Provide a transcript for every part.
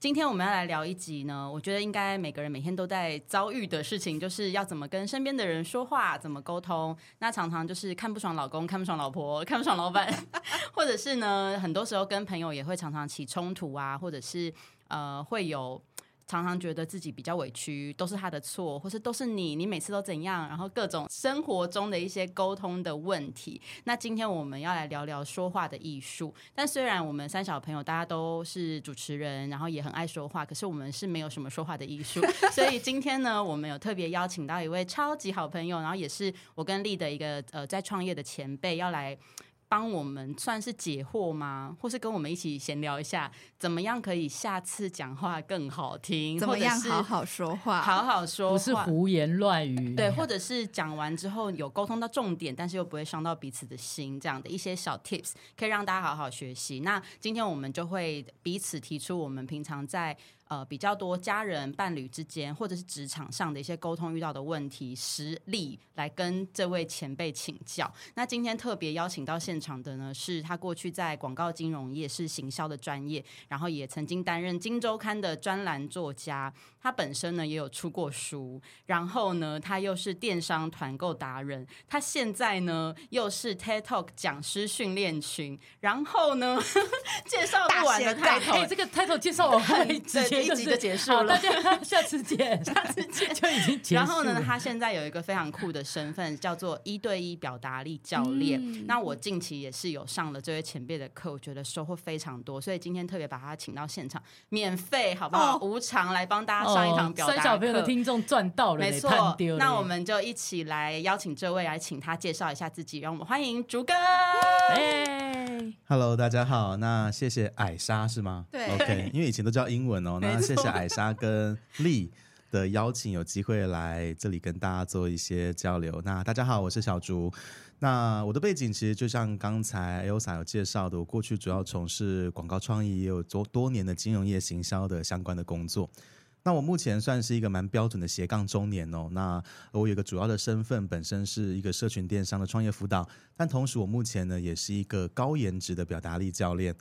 今天我們要來聊一集呢，我覺得應該每個人每天都在遭遇的事情，就是要怎麼跟身邊的人說話，怎麼溝通。那常常就是看不爽老公，看不爽老婆，看不爽老闆， 或者是呢，很多時候跟朋友也會常常起衝突啊，或者是呃會有。常常覺得自己比較委屈，都是他的錯，或是都是你，你每次都怎樣，然後各種生活中的一些溝通的問題。那今天我們要來聊聊說話的藝術。但雖然我們三小朋友大家都是主持人，然後也很愛說話，可是我們是沒有什麼說話的藝術。所以今天呢，我們有特別邀請到一位超級好朋友，然後也是我跟麗的一個呃在創業的前輩要來。幫我們算是解惑嗎？或是跟我們一起閒聊一下，怎麼樣可以下次講話更好聽？怎麼樣好好說話，好好說話，不是胡言亂語。對，或者是講完之後有溝通到重點，但是又不會傷到彼此的心，這樣的一些小 tips 可以讓大家好好學習。那今天我們就會彼此提出我們平常在。呃，比較多家人、伴侶之間，或者是職場上的一些溝通遇到的問題，實力來跟這位前輩請教。那今天特別邀請到現場的呢，是他過去在廣告金融業是行銷的專業，然後也曾經擔任《今周刊》的專欄作家。他本身呢也有出過書，然後呢他又是電商團購達人，他現在呢又是 TED Talk 講師訓練群，然後呢 介紹不完的 title、欸、這個 title 介紹我很直一集就結束了，就是了 下，下次見，下次見就已經。 然後呢，他現在有一個非常酷的身份，叫做一對一表達力教練，嗯。那我近期也是有上了這位前輩的課，我覺得收穫非常多，所以今天特別把他請到現場，免費好不好。哦，無償來幫大家上一堂表達。哦，三小朋友的聽眾賺到了，沒錯。那我們就一起來邀請這位來，請他介紹一下自己，讓我們歡迎竺哥。欸 Hello，大家好。那謝謝艾莎，是嗎？對，OK。因為以前都叫英文哦。那謝謝艾莎跟麗的邀請，有機會來這裡跟大家做一些交流。那大家好，我是小竺。那我的背景其實就像剛才 Elsa 有介紹的，我過去主要從事廣告創意，也有多多年的金融業行銷的相關的工作。那我目前算是一個蠻標準的斜槓中年哦。那我有個主要的身份，本身是一個社群電商的創業輔導，但同時我目前呢也是一個高言值的表達力教練。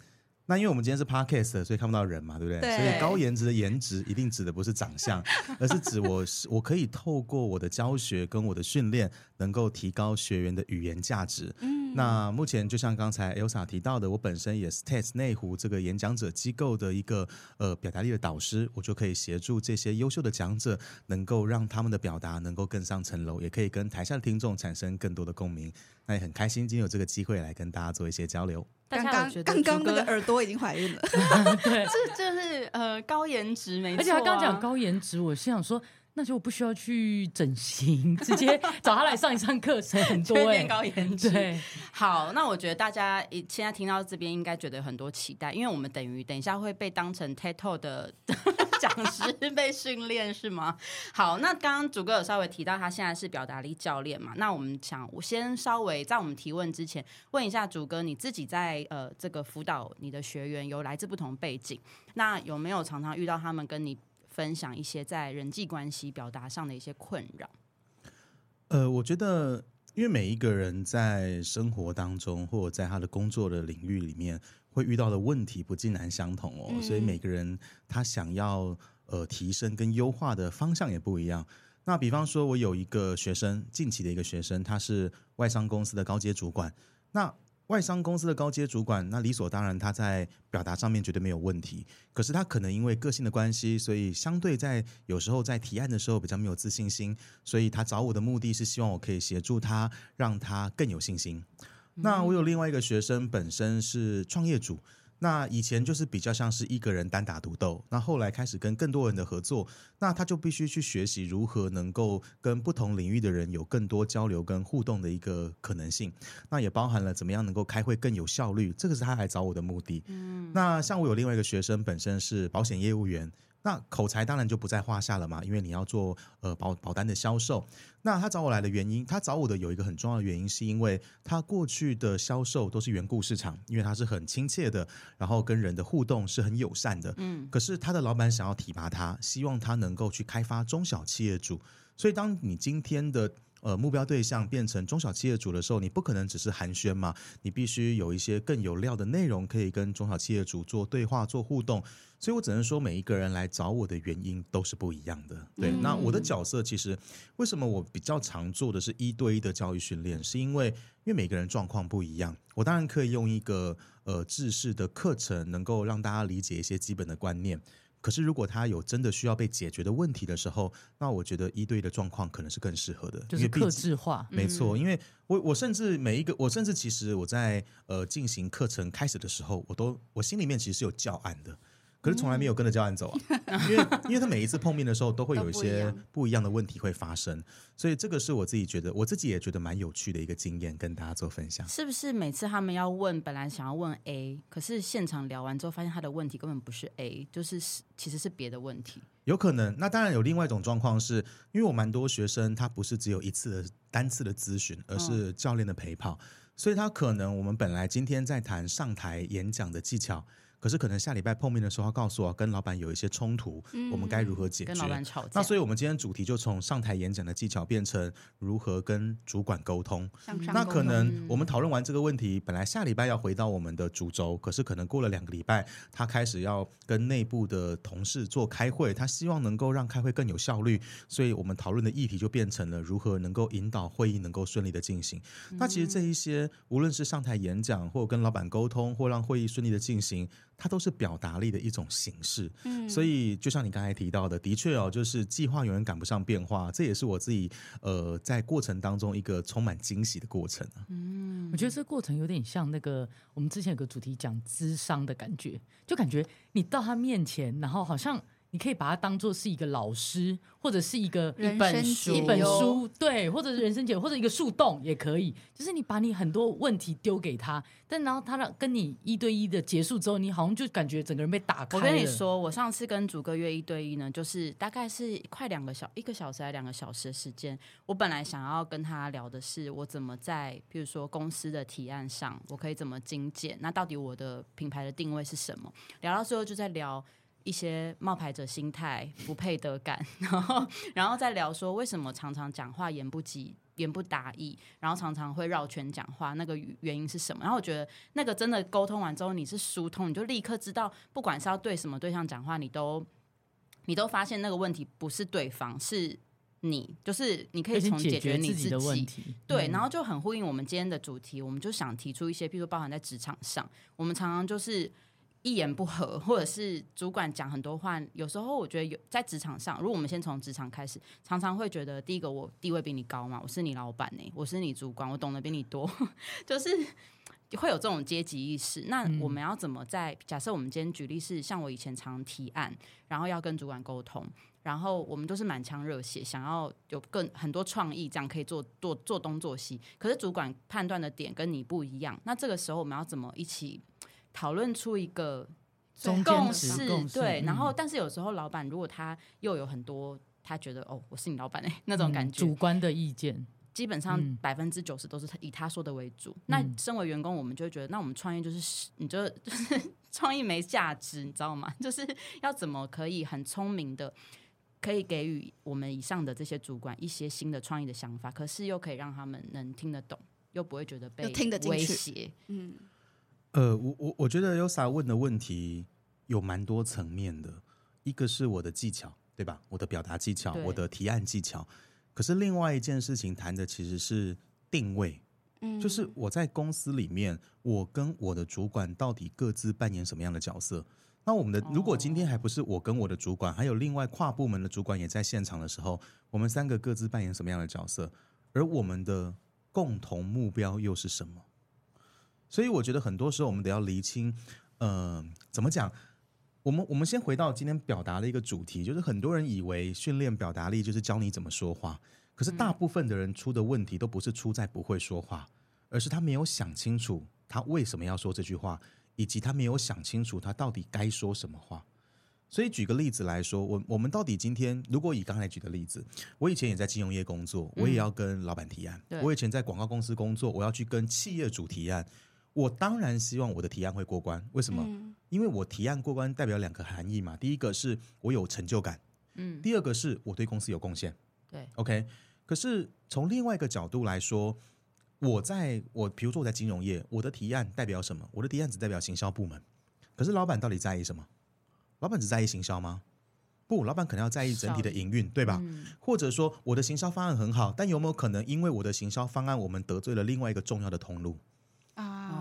那因為我們今天是 podcast，所以看不到人嘛，對不對？對，所以高言值的言值，一定指的不是長相，而是指我我可以透過我的教學跟我的訓練，能夠提高學員的語言價值。嗯那目前就像剛才 Elsa 提到的，我本身也是 TEDx 內湖這個演講者機構的一個呃表達力的導師，我就可以協助這些優秀的講者，能夠讓他們的表達能夠更上層樓，也可以跟台下的聽眾產生更多的共鳴。那也很開心今天有這個機會來跟大家做一些交流。剛剛剛剛，那個耳朵已經懷孕了， 對 這這是呃高顏值沒錯，啊。而且他剛講高顏值，我是想說。那就不需要去整形，直接找他來上一上課程、 啊。很多、欸、高言值。對，好，那我覺得大家現在聽到這邊，應該覺得很多期待，因為我們等於等一下會被當成 t a t o o 的講師被訓練， 是嗎？好，那剛剛竺哥有稍微提到，他現在是表達力教練嘛？那我們想，我先稍微在我們提問之前，問一下竺哥，你自己在呃這個輔導你的學員，有來自不同背景，那有沒有常常遇到他們跟你？分享一些在人際關係表達上的一些困擾。呃，我覺得，因為每一個人在生活當中，或者在他的工作的領域裡面，會遇到的問題不盡然相同哦，嗯、所以每個人他想要呃提升跟優化的方向也不一樣。那比方說，我有一個學生，近期的一個學生，他是外商公司的高階主管，那。外商公司的高階主管，那理所當然，他在表達上面絕對沒有問題。可是他可能因為個性的關係，所以相對在有時候在提案的時候比較沒有自信心。所以他找我的目的是希望我可以協助他，讓他更有信心。那我有另外一個學生，本身是創業主。那以前就是比較像是一個人單打獨鬥，那後來開始跟更多人的合作，那他就必須去學習如何能夠跟不同領域的人有更多交流跟互動的一個可能性。那也包含了怎麼樣能夠開會更有效率，這個是他來找我的目的。嗯，那像我有另外一個學生，本身是保險業務員。那口才當然就不在話下了嘛，因為你要做呃保保單的銷售。那他找我來的原因，他找我的有一個很重要的原因，是因為他過去的銷售都是緣故市場，因為他是很親切的，然後跟人的互動是很友善的。嗯，可是他的老板想要提拔他，希望他能夠去開發中小企業主。所以當你今天的。呃，目標對象變成中小企業主的時候，你不可能只是寒暄嘛，你必須有一些更有料的內容可以跟中小企業主做對話、做互動。所以我只能說，每一個人來找我的原因都是不一樣的。對，嗯、那我的角色其實為什麼我比較常做的是一對一的教育訓練，是因為因為每個人狀況不一樣，我當然可以用一個呃制式的課程，能夠讓大家理解一些基本的觀念。可是，如果他有真的需要被解決的問題的時候，那我覺得一對一的狀況可能是更適合的，就是客製化。沒錯、嗯，因為我我甚至每一個我甚至其實我在呃進行課程開始的時候，我都我心裡面其實是有教案的。可是從來沒有跟着教練走啊，因為因為他每一次碰面的時候都會有一些不一樣的問題會發生，所以這個是我自己覺得，我自己也覺得蠻有趣的一個經驗，跟大家做分享。是不是每次他們要問，本來想要問 A，可是現場聊完之後發現他的問題根本不是 A，就是是其實是別的問題。有可能。那當然有另外一種狀況，是因為我蠻多學生他不是只有一次的單次的諮詢，而是教練的陪跑，所以他可能我們本來今天在談上台演講的技巧，可是可能下禮拜碰面的時候，要告訴我跟老板有一些衝突，嗯、我們該如何解決？那所以我們今天主題就從上台演講的技巧變成如何跟主管溝通。那可能我們討論完這個問題，嗯、本來下禮拜要回到我們的主軸，可是可能過了兩個禮拜，他開始要跟內部的同事做開會，他希望能夠讓開會更有效率，所以我們討論的議題就變成了如何能夠引導會議能夠順利的進行。嗯、那其實這一些，無論是上台演講，或跟老板溝通，或讓會議順利的進行，它都是表達力的一種形式，嗯，所以就像你剛才提到的，的確哦，就是計劃永遠趕不上變化，這也是我自己呃在過程當中一個充滿驚喜的過程。嗯，我覺得這個過程有點像那個我們之前有個主題講智商的感覺，就感覺你到他面前，然後好像。你可以把它當做是一個老師，或者是一個一本書，一本書，對，或者是人生解， 或者一個樹洞也可以。就是你把你很多問題丟給他，但然後他跟你一對一的結束之後，你好像就感覺整個人被打開了。我跟你說，我上次跟竺哥約一對一呢，就是大概是快兩個小一個小時，還兩個小時的時間。我本來想要跟他聊的是，我怎麼在比如說公司的提案上，我可以怎麼精簡？那到底我的品牌的定位是什麼？聊到最後就在聊。一些冒牌者心態、不配得感，然後，然後再聊說為什麼常常講話言不及、言不達意，然後常常會繞圈講話，那個原因是什麼？然後我覺得那個真的溝通完之後，你是疏通，你就立刻知道，不管是要對什麼對象講話，你都你都發現那個問題不是對方，是你，就是你可以從解決你自己的問題。對，然後就很呼應我們今天的主題，我們就想提出一些，譬如包含在職場上，我們常常就是。一言不合，或者是主管講很多話，有時候我覺得有在職場上，如果我們先從職場開始，常常會覺得第一個我地位比你高嘛，我是你老闆呢、欸，我是你主管，我懂得比你多， 就是會有這種階級意識。那我們要怎麼在？假設我們今天舉例是像我以前常提案，然後要跟主管溝通，然後我們都是滿腔熱血，想要有更很多創意，這樣可以做做做東做西。可是主管判斷的點跟你不一樣，那這個時候我們要怎麼一起？討論出一個總共，共識，對，嗯、然後但是有時候老闆如果他又有很多他覺得哦，我是你老闆哎、欸、那種感覺、嗯，主觀的意見基本上百分之九十都是以他說的為主。嗯、那身為員工，我們就會覺得，那我們創業就是你就就是創意沒價值，你知道嗎？就是要怎麼可以很聰明的可以給予我們以上的這些主管一些新的創意的想法，可是又可以讓他們能聽得懂，又不會覺得被威脅，又聽得進去。嗯。呃，我我我覺得 Yosa 問的問題有蠻多層面的，一個是我的技巧，對吧？我的表達技巧，我的提案技巧。可是另外一件事情談的其實是定位，嗯，就是我在公司裡面，我跟我的主管到底各自扮演什麼樣的角色？那我們的如果今天還不是我跟我的主管，還有另外跨部門的主管也在現場的時候，我們三個各自扮演什麼樣的角色？而我們的共同目標又是什麼？所以我覺得很多時候我們得要釐清，嗯、呃，怎麼講？我們我們先回到今天表達的一個主題，就是很多人以為訓練表達力就是教你怎麼說話，可是大部分的人出的問題都不是出在不會說話，而是他沒有想清楚他為什麼要說這句話，以及他沒有想清楚他到底該說什麼話。所以舉個例子來說，我我們到底今天如果以剛才舉的例子，我以前也在金融業工作，我也要跟老闆提案；嗯、我以前在廣告公司工作，我要去跟企業主提案。我當然希望我的提案會過關，為什麼？因為我提案過關代表兩個含義嘛，第一個是我有成就感，嗯，第二個是我對公司有貢獻，對，OK。可是從另外一個角度來說，我在我比如說我在金融業，我的提案代表什麼？我的提案只代表行銷部門，可是老板到底在意什麼？老板只在意行銷嗎？不，老板可能要在意整體的營運，對吧？嗯。或者說我的行銷方案很好，但有沒有可能因為我的行銷方案，我們得罪了另外一個重要的通路？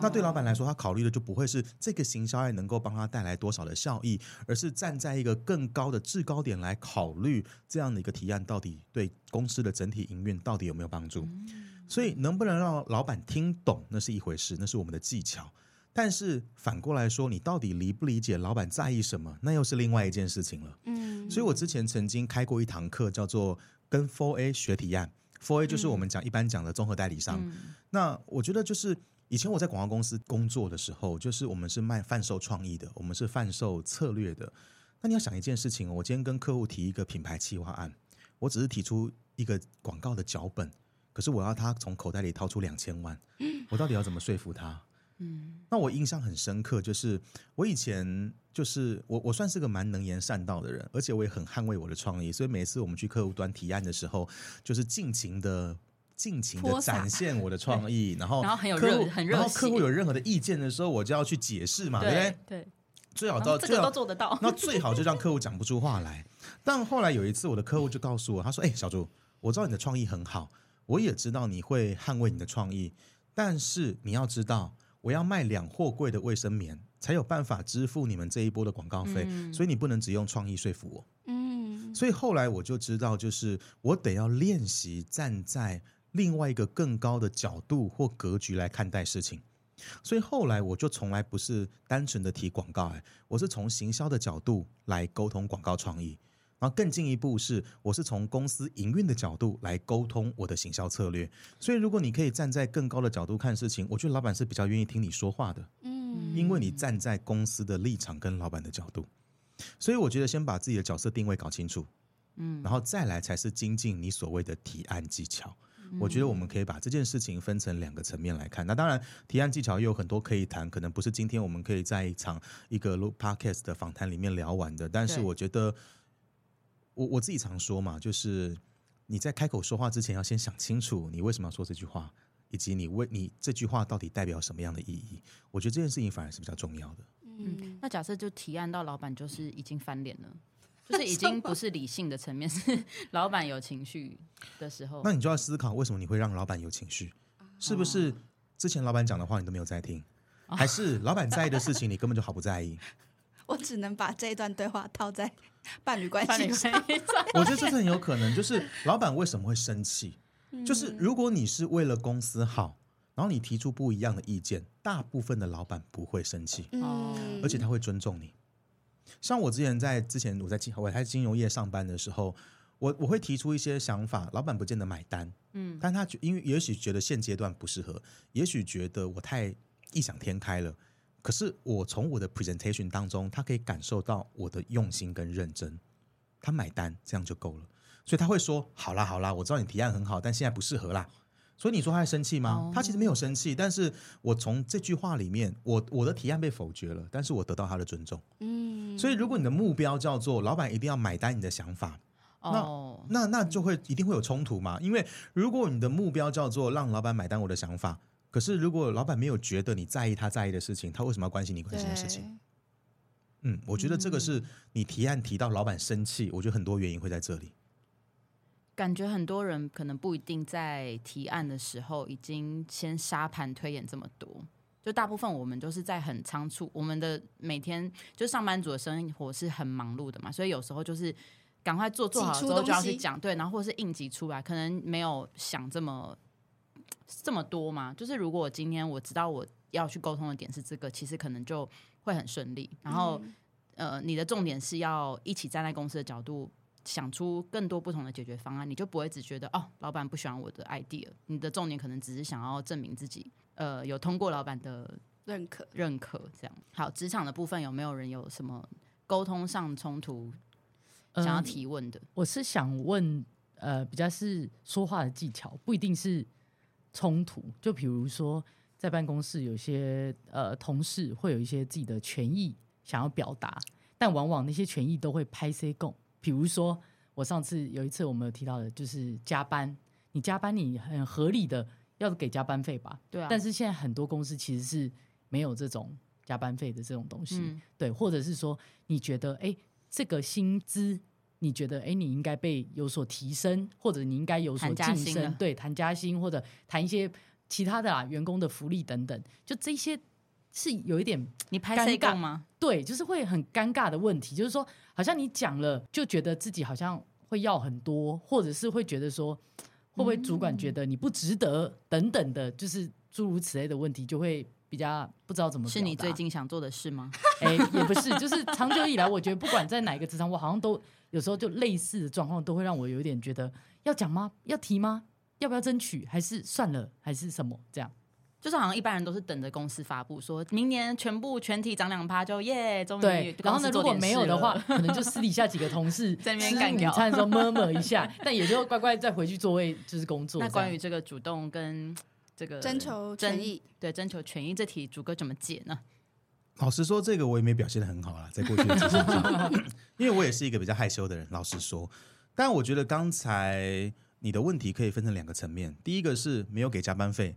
那對老闆來說，他考慮的就不會是這個行銷案能夠幫他帶來多少的效益，而是站在一個更高的制高點來考慮這樣的一個提案到底對公司的整體營運到底有沒有幫助。所以能不能讓老闆聽懂，那是一回事，那是我們的技巧。但是反過來說，你到底理不理解老闆在意什麼，那又是另外一件事情了。所以我之前曾經開過一堂課，叫做跟 4A 學提案。4A 就是我們講一般講的綜合代理商。那我覺得就是。以前我在廣告公司工作的時候，就是我們是賣販售創意的，我們是販售策略的。那你要想一件事情哦，我今天跟客戶提一個品牌企劃案，我只是提出一個廣告的腳本，可是我要他從口袋裡掏出兩千萬，我到底要怎麼說服他？嗯，那我印象很深刻，就是我以前就是我我算是個蠻能言善道的人，而且我也很捍衛我的創意，所以每次我們去客戶端提案的時候，就是盡情的。盡情的展現我的創意，然後，客戶然後很有然後客戶有任何的意見的時候，我就要去解釋嘛，對不對？最好到這個都做得到。那最，最好就讓客戶講不出話來。 但後來有一次，我的客戶就告訴我，他說：“哎、欸，小竺，我知道你的創意很好，我也知道你會捍衛你的創意，嗯、但是你要知道，我要賣兩貨櫃的衛生棉才有辦法支付你們這一波的廣告費，嗯、所以你不能只用創意說服我。”嗯，所以後來我就知道，就是我得要練習站在另外一個更高的角度或格局來看待事情，所以後來我就從來不是單純的提廣告哎、欸，我是從行銷的角度來溝通廣告創意，然後更進一步是我是從公司營運的角度來溝通我的行銷策略。所以如果你可以站在更高的角度看事情，我覺得老闆是比較願意聽你說話的，嗯，因為你站在公司的立場跟老闆的角度。所以我覺得先把自己的角色定位搞清楚，嗯，然後再來才是精進你所謂的提案技巧。我覺得我們可以把這件事情分成兩個層面來看。那當然，提案技巧也有很多可以談，可能不是今天我們可以在一場一個 Podcast 的訪談裡面聊完的。但是我覺得我，我我自己常說嘛，就是你在開口說話之前要先想清楚，你為什麼要說這句話，以及你為你這句話到底代表什麼樣的意義。我覺得這件事情反而是比較重要的。嗯，那假設就提案到老闆，就是已經翻臉了。就是已經不是理性的層面，是老闆有情緒的時候。 那你就要思考，為什麼你會讓老闆有情緒？是不是之前老闆講的話你都沒有在聽，哦、還是老闆在意的事情你根本就毫不在意。 我在？我只能把這一段對話套在伴侶關係上。 我覺得這是很有可能。就是老闆為什麼會生氣？就是如果你是為了公司好，然後你提出不一樣的意見，大部分的老闆不會生氣，嗯、而且他會尊重你。像我之前在之前我在金我還在金融業上班的時候，我我會提出一些想法，老板不見得買單，嗯，但他覺，因為也許覺得現階段不適合，也許覺得我太異想天開了，可是我從我的 presentation 當中，他可以感受到我的用心跟認真，他買單這樣就夠了，所以他會說好啦好啦，我知道你提案很好，但現在不適合啦。所以你說他在生氣嗎？他其實沒有生氣。哦，但是我從這句話裡面，我我的提案被否決了，但是我得到他的尊重。嗯，所以如果你的目標叫做老板一定要買單你的想法，哦，那那那就會一定會有衝突嘛。因為如果你的目標叫做讓老板買單我的想法，可是如果老板沒有覺得你在意他在意的事情，他為什麼要關心你關心的事情？嗯，我覺得這個是你提案提到老板生氣，我覺得很多原因會在這裡。感覺很多人可能不一定在提案的時候已經先沙盤推演這麼多，就大部分我們都是在很倉促。我們的每天就上班族的生活是很忙碌的嘛，所以有時候就是趕快做做好之後就要去講，對，然後或是應急出來，可能沒有想這麼這麼多嘛。就是如果我今天我知道我要去溝通的點是這個，其實可能就會很順利。然後呃，你的重點是要一起站在公司的角度，想出更多不同的解決方案，你就不會只覺得哦，老闆不喜歡我的 idea。你的重點可能只是想要證明自己，呃，有通過老闆的認可，認可這樣。好，職場的部分有沒有人有什麼溝通上衝突想要提問的？嗯，我是想問，呃，比較是說話的技巧，不一定是衝突。就比如說在辦公室，有些呃同事會有一些自己的權益想要表達，但往往那些權益都會拍 C 共。比如說，我上次有一次我們有提到的，就是加班。你加班，你很合理的要給加班費吧？對啊，但是現在很多公司其實是沒有這種加班費的這種東西，嗯，對。或者是說你、欸這個，你覺得哎，這個薪資，你覺得哎，你應該被有所提升，或者你應該有所晉升談？對，談加薪或者談一些其他的啊員工的福利等等，就這些。是有一點你尷尬嗎？對，就是會很尷尬的問題，就是說，好像你講了，就覺得自己好像會要很多，或者是會覺得說，會不會主管覺得你不值得等等的，就是諸如此類的問題，就會比較不知道怎麼。是你最近想做的事嗎？哎、欸，也不是，就是長久以來，我覺得不管在哪個職場，我好像都有時候就類似的狀況，都會讓我有一點覺得要講嗎？要提嗎？要不要爭取？還是算了？還是什麼？這樣？就是好像一般人都是等着公司發布，說明年全部全體漲兩趴，就耶，終於對。然後呢，如果沒有的話， 可能就私底下幾個同事在那邊乾聊，說默默一下，但也就乖乖再回去座位，就是工作。那關於這個主動跟這個徵求權益。對，徵求權益這題，竺哥怎麼解呢？老實說，這個我也沒表現得很好了，在過去， 因為我也是一個比較害羞的人，老實說。但我覺得剛才你的問題可以分成兩個層面，第一個是沒有給加班費。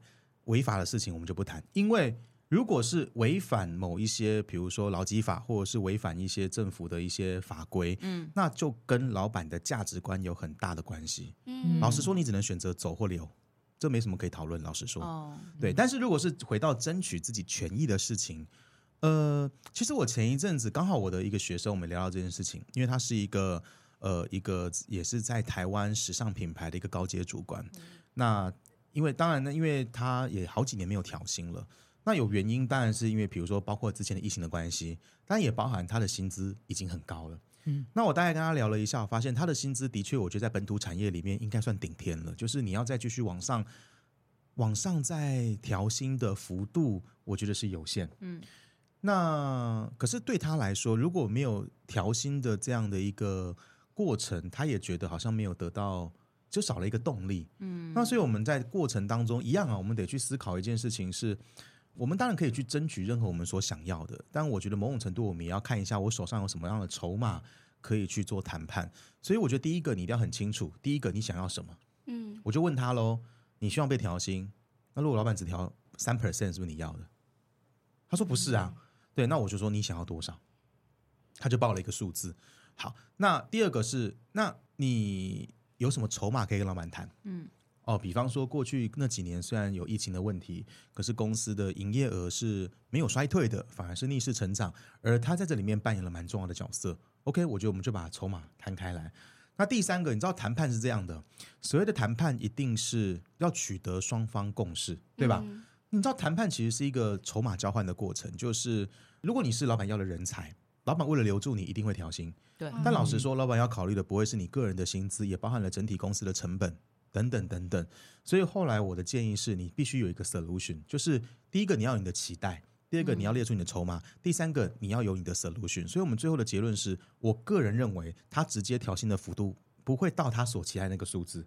違法的事情我們就不談，因為如果是違反某一些，比如說勞基法，或者是違反一些政府的一些法規，嗯，那就跟老板的價值觀有很大的關係。嗯，老實說，你只能選擇走或留，這沒什麼可以討論。老實說，哦、對、嗯。但是如果是回到爭取自己權益的事情，呃，其實我前一陣子剛好我的一個學生，我們聊到這件事情，因為他是一個呃一個也是在台灣時尚品牌的一個高階主管，嗯、那。因為當然呢，因為他也好幾年沒有調薪了。那有原因，當然是因為比如說，包括之前的疫情的關係，但也包含他的薪資已經很高了。嗯，那我大概跟他聊了一下，我發現他的薪資的確，我覺得在本土產業裡面應該算頂天了。就是你要再繼續往上，往上再調薪的幅度，我覺得是有限。嗯，那可是對他來說，如果沒有調薪的這樣的一個過程，他也覺得好像沒有得到，就少了一個動力，嗯，那所以我們在過程當中一樣啊，我們得去思考一件事情是，是我們當然可以去爭取任何我們所想要的，但我覺得某種程度我們也要看一下我手上有什麼樣的籌碼可以去做談判。所以我覺得第一個你一定要很清楚，第一個你想要什麼，嗯，我就問他嘍，你希望被調薪？那如果老闆只調三 percent，是不是你要的？他說不是啊、嗯，對，那我就說你想要多少？他就報了一個數字。好，那第二個是，那你有什麼籌碼可以跟老闆談？嗯，哦，比方說，過去那幾年雖然有疫情的問題，可是公司的營業額是沒有衰退的，反而是逆勢成長，而他在這裡面扮演了蠻重要的角色。OK，我覺得我們就把籌碼攤開來。那第三個，你知道談判是這樣的，所謂的談判一定是要取得雙方共識，對吧？嗯、你知道談判其實是一個籌碼交換的過程，就是如果你是老闆要的人才。老板為了留住你，一定會調薪、對、嗯。但老實說，老板要考慮的不會是你個人的薪資，也包含了整體公司的成本等等等等。所以後來我的建議是，你必須有一個 solution，就是第一個你要有你的期待，第二個你要列出你的籌碼，嗯、第三個你要有你的 solution。所以我們最後的結論是，我個人認為他直接調薪的幅度不會到他所期待的那個數字，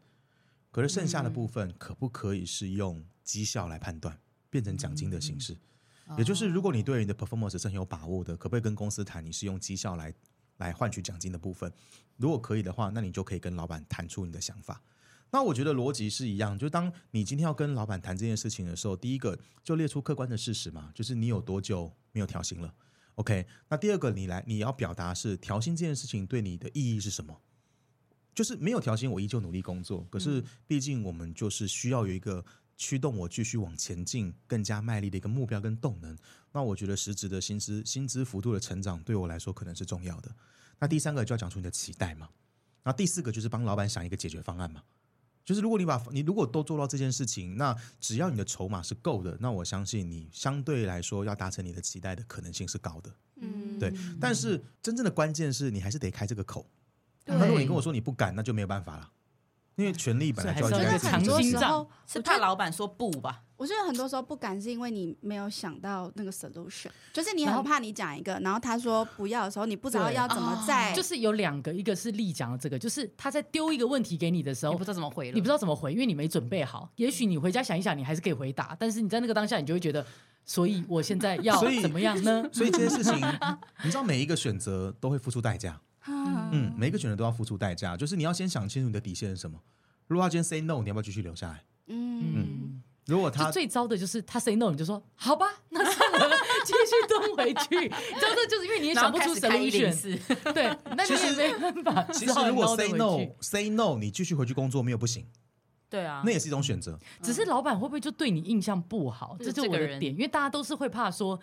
可是剩下的部分可不可以是用績效來判斷，變成獎金的形式？嗯嗯也就是，如果你對你的 performance 是很有把握的，可不可以跟公司談？你是用績效來來換取獎金的部分？如果可以的話，那你就可以跟老板談出你的想法。那我覺得邏輯是一樣，就當你今天要跟老板談這件事情的時候，第一個就列出客觀的事實嘛，就是你有多久沒有調薪了？OK？那第二個，你來你要表達是調薪這件事情對你的意義是什麼？就是沒有調薪，我依舊努力工作。可是畢竟我們就是需要有一個。驅動我繼續往前進、更加賣力的一個目標跟動能，那我覺得實質的薪資、薪資幅度的成長對我來說可能是重要的。那第三個就要講出你的期待嘛，那第四個就是幫老闆想一個解決方案嘛。就是如果你把你如果都做到這件事情，那只要你的籌碼是夠的，那我相信你相對來說要達成你的期待的可能性是高的。嗯，對。但是真正的關鍵是你還是得開這個口。那如果你跟我說你不敢，那就沒有辦法了。因為權力本來就我覺得很多時候是怕老闆說不吧我。我覺得很多時候不敢，是因為你沒有想到那個 solution，就是你很怕你講一個，然後，然後他說不要的時候，你不知道要怎麼再、啊。就是有兩個，一個是力講的這個，就是他在丟一個問題給你的時候，你不知道怎麼回了。你不知道怎麼回，因為你沒準備好。也許你回家想一想，你還是可以回答。但是你在那個當下，你就會覺得，所以我現在要怎麼樣呢？所以，所以這件事情， 你知道，每一個選擇都會付出代價。嗯，嗯，嗯，每一個選擇都要付出代價，就是你要先想清楚你的底線是什麼。如果他今天 say no，你要不要繼續留下來？嗯，嗯，如果他最糟的就是他 say no，你就說好吧，那算了，繼續蹲回去。就 是就是因為你也想不出什麼意思。開始開始開始 對，那你也沒辦法其。其實如果 say no，say no, no，你繼續回去工作沒有不行，對啊，那也是一種選擇，嗯。只是老闆會不會就對你印象不好，就是這，這是我的點，因為大家都是會怕說。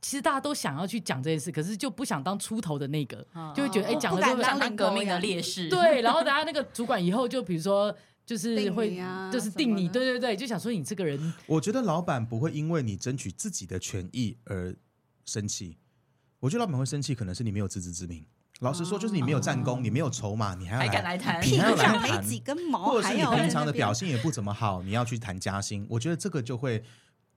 其實大家都想要去講這件事，可是就不想當出頭的那個，哦、就會覺得哎、哦，講這個像當革命的烈士。 對，然後等下那個主管以後就比如說就是會就是定你，定你啊、對對對，對，就想說你這個人。我覺得老闆不會因為你爭取自己的權益而生氣，我覺得老闆會生氣，可能是你沒有自知之明。老實說，就是你沒有戰功、哦，你沒有籌碼，你還，要來還敢來談？你平常沒幾根毛， 或者是你平常的表現也不怎麼好，你要去談加薪，我覺得這個就會。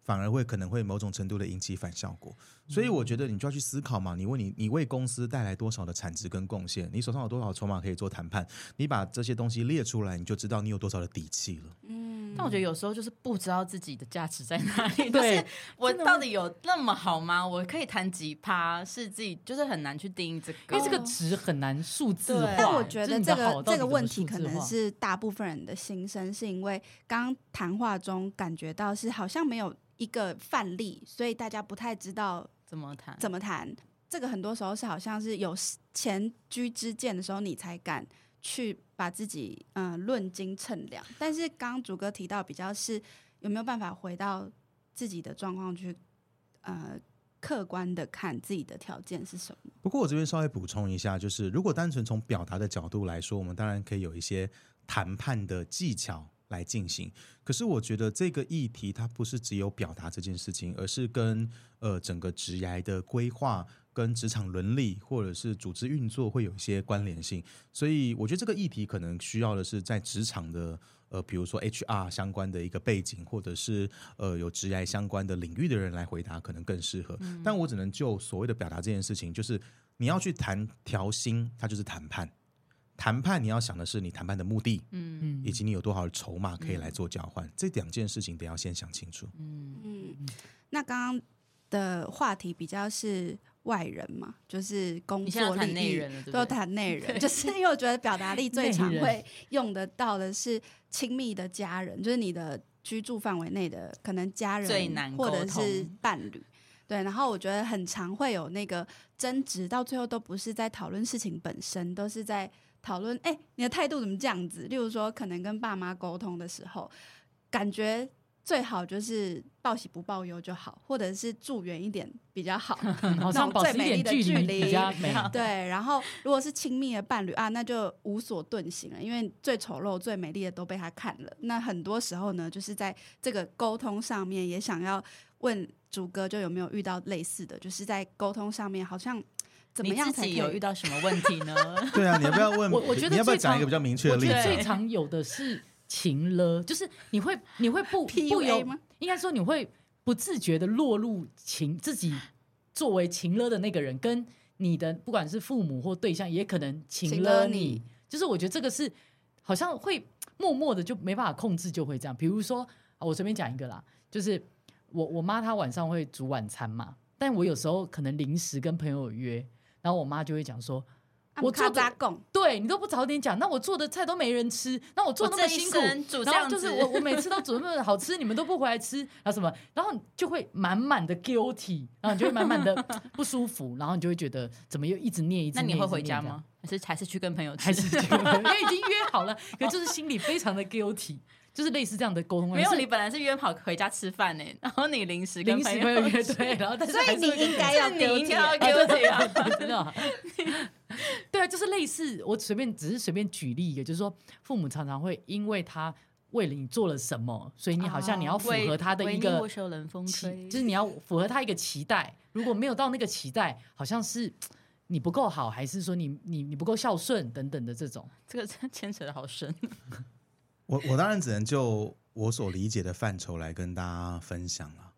反而會可能會某種程度的引起反效果。所以我覺得你就要去思考嘛，你問你你為公司帶來多少的產值跟貢獻，你手上有多少籌碼可以做談判，你把這些東西列出來，你就知道你有多少的底氣了。嗯，但我覺得有時候就是不知道自己的價值在哪裡，對、就是我到底有那麼好嗎？我可以彈吉他，是自己就是很難去定義這個，因為這個值很難數字化。就是、但我覺得這個這個問題可能是大部分人的心聲，是因為剛，剛談話中感覺到是好像沒有一個範例，所以大家不太知道。怎麼談？怎麼談？這個很多時候是好像是有前車之鑑的時候，你才敢去把自己嗯論斤秤兩。但是剛剛竺哥提到，比較是有沒有辦法回到自己的狀況去呃客觀的看自己的條件是什麼？不過我這邊稍微補充一下，就是如果單純從表達的角度來說，我們當然可以有一些談判的技巧。來進行，可是我覺得這個議題它不是只有表達這件事情，而是跟呃整個職涯的規劃、跟職場倫理或者是組織運作會有一些關聯性，所以我覺得這個議題可能需要的是在職場的呃，比如說 HR 相關的一個背景，或者是呃有職涯相關的領域的人來回答可能更適合。嗯。但我只能就所謂的表達這件事情，就是你要去談調薪，它就是談判。談判，你要想的是你談判的目的，嗯，以及你有多少籌碼可以來做交換，嗯，這兩件事情得要先想清楚。嗯嗯。那剛剛的話題比較是外人嘛，就是工作內人都談內人，就是因為我覺得表達力最常會用得到的是親密的家人，就是你的居住範圍內的可能家人，最難或者是伴侶。對，然後我覺得很常會有那個爭執，到最後都不是在討論事情本身，都是在。討論哎、欸，你的態度怎麼這樣子？例如說，可能跟爸媽溝通的時候，感覺最好就是報喜不報憂就好，或者是住遠一點比較好， 好像保持一點 最美麗的距離，對，然後如果是親密的伴侶啊，那就無所遁形了，因為最醜陋、最美麗的都被他看了。那很多時候呢，就是在這個溝通上面，也想要問竺哥，就有沒有遇到類似的，就是在溝通上面好像。怎麼樣你，自你自己有遇到什麼問題呢？ 對啊，你要不要問？ 我我覺得你要不要講一個比較明確的例子？最常有的是情勒，就是你會你會不不由應該說，你會不自覺的落入情 自己作為情勒的那個人，跟你的不管是父母或對象，也可能情勒你，你。就是我覺得這個是好像會默默的就沒辦法控制，就會這樣。比如說，我隨便講一個啦，就是我我媽她晚上會煮晚餐嘛，但我有時候可能臨時跟朋友約。然後我媽就會講說：“啊、我做的，拉、啊、貢，對你都不早點講，那我做的菜都沒人吃，那我做的那麼辛苦這這樣，然後就是我我每次都煮那麼好吃， 你們都不回來吃，啊什麼？然後就會滿滿的 guilty，然後就會滿滿的不舒服， 然後你就會覺得怎麼又一直念一次。 那你會回家嗎？還是還是去跟朋友吃？友 因為已經約好了， 可是就是心裡非常的 guilty。”就是類似這樣的溝通方式。沒有，你本來是約好回家吃飯呢，然後你臨時跟朋友約。對，然後是是所以你應該要給你應該要這樣真的。對啊，就是類似我隨便只是隨便舉例，一個就是說父母常常會因為他為了你做了什麼，所以你好像你要符合他的一個期、啊，就是你要符合他一個期待。如果沒有到那個期待，好像是你不夠好，還是說你你你不夠孝順等等的這種。這個牽扯的好深。 我我當然只能就我所理解的範疇來跟大家分享了、啊。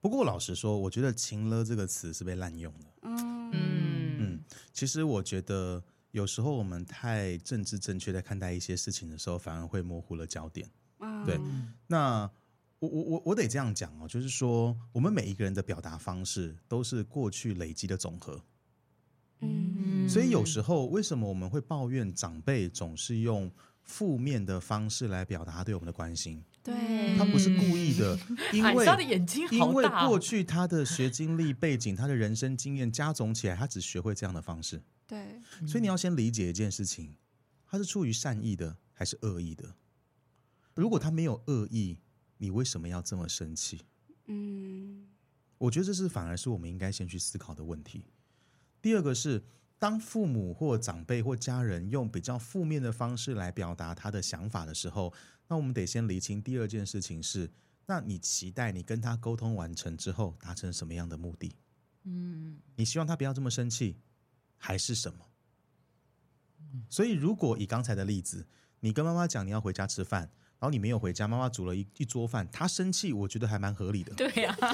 不過老實說，我覺得“情勒”這個詞是被濫用的。嗯嗯，其實我覺得有時候我們太政治正確的看待一些事情的時候，反而會模糊了焦點。對。那我我我我得這樣講哦，就是說我們每一個人的表達方式都是過去累積的總和。嗯。所以有時候為什麼我們會抱怨長輩總是用負面的方式來表達對我們的關心，對、嗯，他不是故意的，因為、哎、他的眼睛好大、哦、因為過去他的學經歷背景，他的人生經驗加總起來，他只學會這樣的方式，對，所以你要先理解一件事情，他是出於善意的還是惡意的？如果他沒有惡意，你為什麼要這麼生氣？嗯，我覺得這是反而是我們應該先去思考的問題。第二個是。當父母或長輩或家人用比較負面的方式來表達他的想法的時候，那我們得先理清第二件事情是：那你期待你跟他溝通完成之後達成什麼樣的目的？嗯，你希望他不要這麼生氣，還是什麼？所以，如果以剛才的例子，你跟媽媽講你要回家吃飯。然後你沒有回家，媽媽煮了一一桌飯，她生氣，我覺得還蠻合理的。對呀、啊，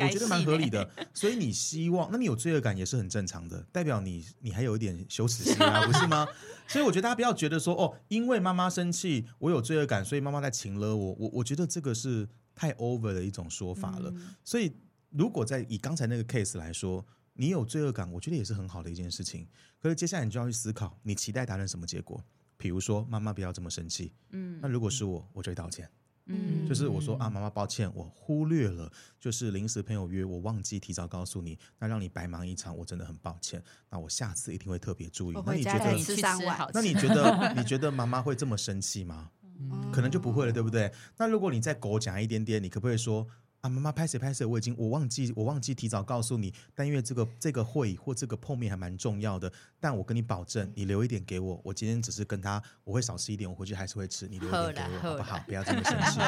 我覺得蠻合理的、的。所以你希望，那你有罪惡感也是很正常的，代表你你還有一點羞恥心啊， 不是嗎？所以我覺得大家不要覺得說，哦，因為媽媽生氣，我有罪惡感，所以媽媽在情勒我。我我覺得這個是太 over 的一種說法了、嗯。所以如果在以剛才那個 case 來說，你有罪惡感，我覺得也是很好的一件事情。可是接下來你就要去思考，你期待達成什麼結果？比如說，媽媽不要這麼生氣。嗯，那如果是我，我就會道歉。嗯，就是我說啊，媽媽，抱歉，我忽略了，就是臨時朋友約我，我忘記提早告訴你，那讓你白忙一場，我真的很抱歉。那我下次一定會特別注意。那你覺得？那你覺得？你，你，覺得你，覺得 你覺得媽媽會這麼生氣嗎？嗯？可能就不會了，對不對？那如果你再狗講一點點，你可不可以說？啊，媽媽拍誰拍誰，我已經我忘記我忘記提早告訴你，但因為這個這個會或這個碰面還蠻重要的，但我跟你保證，你留一點給我，我今天只是跟他，我會少吃一點，我回去還是會吃，你留一點給我好，好不好，好？不要這麼生氣。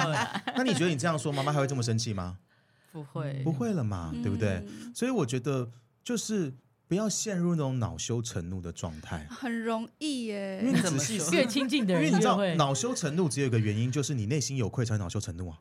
那你覺得你這樣說，媽媽還會這麼生氣嗎？ 不會，不會了嘛，對不對、嗯？所以我覺得就是不要陷入那種惱羞成怒的狀態，很容易耶。越親近的人，因為你知道惱羞成怒，只有一個原因，就是你內心有愧才會惱羞成怒啊。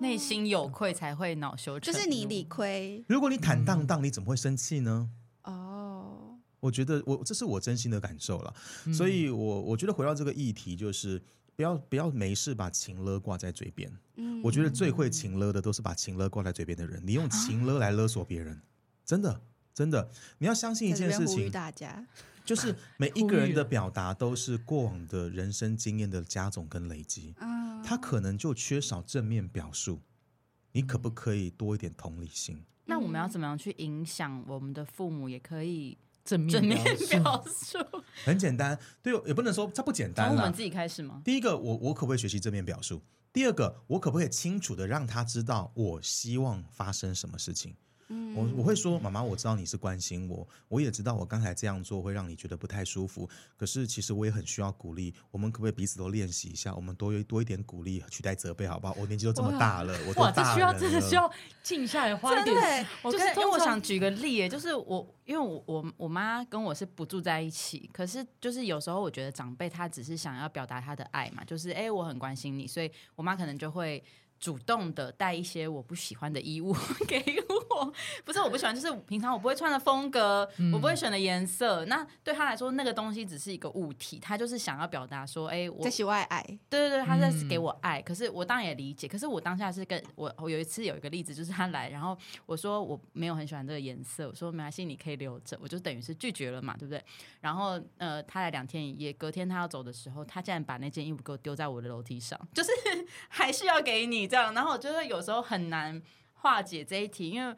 內心有愧才會惱羞就是你理虧。如果你坦蕩蕩，嗯，你怎麼會生氣呢？哦，我覺得我這是我真心的感受了，嗯，所以我我覺得回到這個議題，就是不要不要沒事把情勒掛在嘴邊，嗯。我覺得最會情勒的都是把情勒掛在嘴邊的人。你用情勒來勒索別人，啊、真的真的，你要相信一件事情，大家。就是每一個人的表達都是過往的人生經驗的加總跟累積，uh, 他可能就缺少正面表述。你可不可以多一點同理心？那我們要怎麼樣去影響我們的父母，也可以正面，正面表述？很簡單，對，也不能說他不簡單。從我們自己開始嗎？第一個，我我可不可以學習正面表述？第二個，我可不可以清楚的讓他知道我希望發生什麼事情？嗯、我我會說，媽媽，我知道你是關心我，我也知道我剛才這樣做會讓你覺得不太舒服。可是其實我也很需要鼓勵。我們可不可以彼此都練習一下？我們多一多一點鼓勵，取代責備，好不好？我年紀都這麼大了，我都大人了。哇，這需要，這需要真的需要靜下來，花點時間。就是因為我想舉個例、欸，就是我因為我我我媽跟我是不住在一起，可是就是有時候我覺得長輩他只是想要表達他的愛嘛，就是哎、欸、我很關心你，所以我媽可能就會主動的帶一些我不喜歡的衣物給我。 不是我不喜歡，就是平常我不會穿的風格，嗯、我不會選的顏色。那對他來說，那個東西只是一個物體，他就是想要表達說，哎、欸，我喜歡愛，對對對，他在給我愛、嗯。可是我當然也理解，可是我當下是跟我，我有一次有一個例子，就是他來，然後我說我沒有很喜歡這個顏色，我說沒關係，你可以留着，我就等於是拒絕了嘛，對不對？然後呃、他來兩天一夜，也隔天他要走的時候，他竟然把那件衣服給我丟在我的樓梯上，就是 還是要給你這樣。然後我覺得有時候很難。化解這一題，因為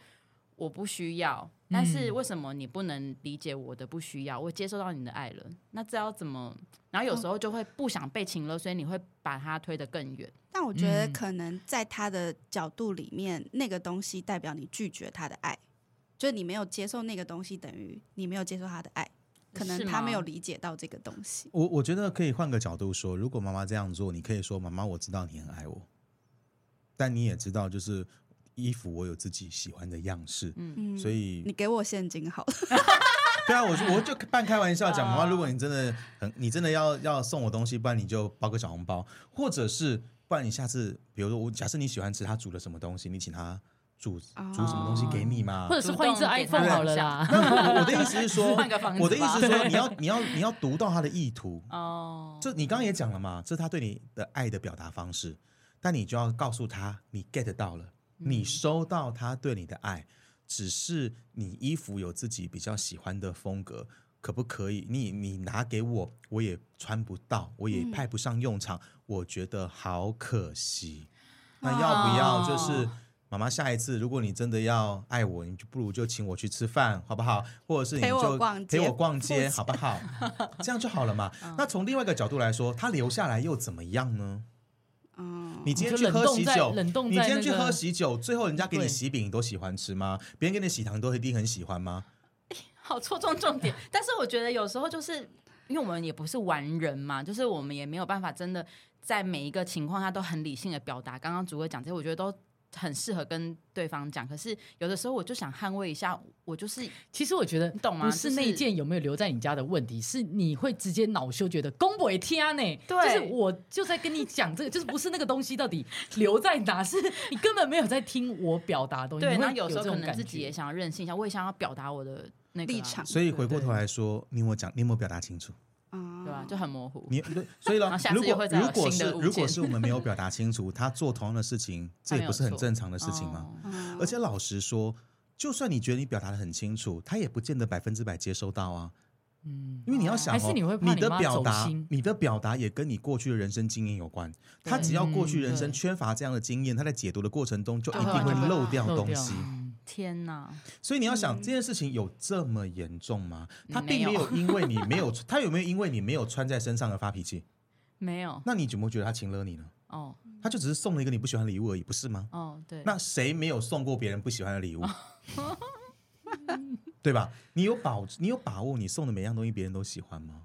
我不需要，但是為什麼你不能理解我的不需要？嗯、我接受到你的愛了，那這要怎麼？然後有時候就會不想被情勒，哦、所以你會把它推得更遠。但我覺得可能在他的角度裡面，嗯、那個東西代表你拒絕他的愛，就是、你沒有接受那個東西，等於你沒有接受他的愛。可能他沒有理解到這個東西。我我覺得可以換個角度說，如果媽媽這樣做，你可以說：“媽媽，我知道你很愛我，但你也知道，就是。”衣服我有自己喜歡的樣式，嗯、所以你給我現金好了。 對啊，我就我就半開玩笑的講嘛，uh, 如果你真的很，你真的要要送我東西，不然你就包個小紅包，或者是不然你下次，比如說我假設你喜歡吃他煮了什麼東西，你請他煮、oh. 煮什麼東西給你嘛，或者是換一只 iPhone 好了。對對 那我的意思是說， 我的意思是說，你要你要你要讀到他的意圖哦。這、oh. 你剛剛也講了嘛，這是他對你的愛的表達方式，但你就要告訴他你 get 到了。你收到他對你的愛，只是你衣服有自己比較喜歡的風格，可不可以？你你拿給我，我也穿不到，我也派不上用場，嗯、我覺得好可惜。那要不要就是、哦、媽媽？下一次如果你真的要愛我，你就不如就請我去吃飯，好不好？或者是你就陪我逛街，陪我逛街好不好？ 這樣就好了嘛、哦。那從另外一個角度來說，他留下來又怎麼樣呢？嗯，你今天去喝喜酒、那個，你今天去喝喜酒，最後人家給你喜餅，你都喜歡吃嗎？別人給你喜糖，都一定很喜歡嗎？欸、好，戳中重點。 但是我覺得有時候就是因為我們也不是完人嘛，就是我們也沒有辦法真的在每一個情況下都很理性的表達。剛剛竺哥講這些，我覺得都。很適合跟對方講，可是有的時候我就想捍衛一下，我就是其實我覺得你懂嗎？不是那一件有沒有留在你家的問題，你就是、是你會直接惱羞覺得公我一天呢？就是我就在跟你講這個， 就是不是那個東西到底留在哪？是你根本沒有在聽我表達的東西。對，那有時候可能自己也想要任性一下，我也想要表達我的那個立、啊、場。所以回過頭來說，你有沒有講？你有沒有表達清楚？就很模糊，你對，所以呢， 如果如果是如果是我們沒有表達清楚，他做同樣的事情，這也不是很正常的事情嗎？哦、而且老實說，就算你覺得你表達的很清楚，他也不見得百分之百接收到啊。因為你要想哦，哦，你的表達，你的表達也跟你過去的人生經驗有關。他只要過去人生缺乏這樣的經驗，他在解讀的過程中就一定會漏掉東西。天吶！所以你要想，嗯、這件事情有這麼嚴重嗎？他並沒有因為你沒有，他有， 有沒有因為你沒有穿在身上而發脾氣？沒有。那你怎麼覺得他情勒你呢？哦，他就只是送了一個你不喜歡的禮物而已，不是嗎？哦，對。那誰沒有送過別人不喜歡的禮物？哦、 對吧？你有保你有把握你送的每樣東西別人都喜歡嗎？